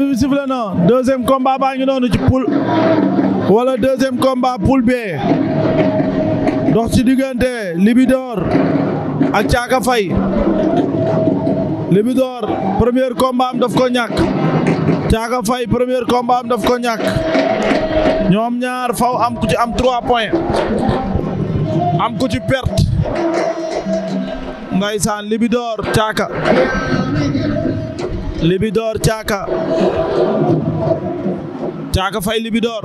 bi sifflé na deuxième combat baa ngi noonu ci poule wala deuxième combat poule B dox ci diggante Libidor ak Caaka Fay Libidor premier combat am daf ko ñàkk Caaka Fay premier combat am daf ko ñàkk ñoom ñaar faw am ku ci am trois points am ku ci perte ndaysaan Libidor Caaka Libidor Caaka Caaka Faye Libidor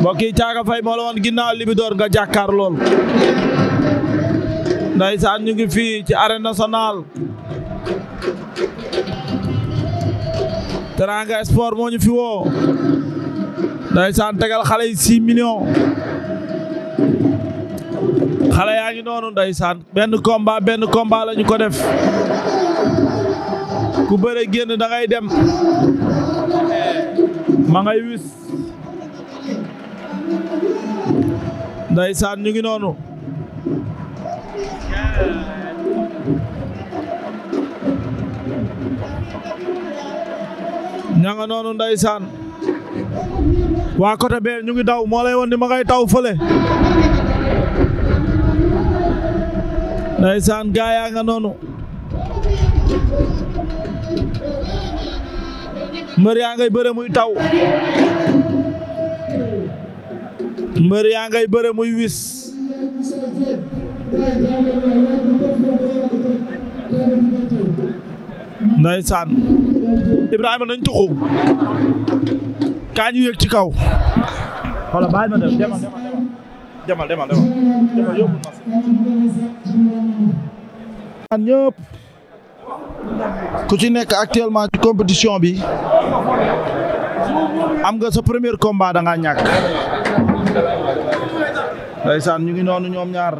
mbokk yi Caaka Faye moo la woon ginnaaw Libidor nga jàkkaar lool ndaysaan ñu ngi fii ci arène nationale Teranga Sport moo ñu fi woo ndaysaan tegal xale yi six millions yaa ngi noonu ndaysaan benn combat benn combat la ko def ku bëre génn dangay dem ma ngay wis saan ñu ngi noonu ña nga noonu ndeysaan waa côté bee ñu ngi daw moo lay woon ni ma ngay taw fële ndeysaan gaa yaa nga noonu mbër yaa ngay bëre muy taw mbër yaa ngay bëre muy wis ndeysaan Ibrahima nañ tuxu kaa ñu yëg ci kaw wala bàyyi ma dem demal demal demal demal demal yóbbu ma ñëpp ku ci nekk actuellement ci bi am nga sa premier combat da ngaa ñàkk. ndeysaan ñu ngi noonu ñoom ñaar.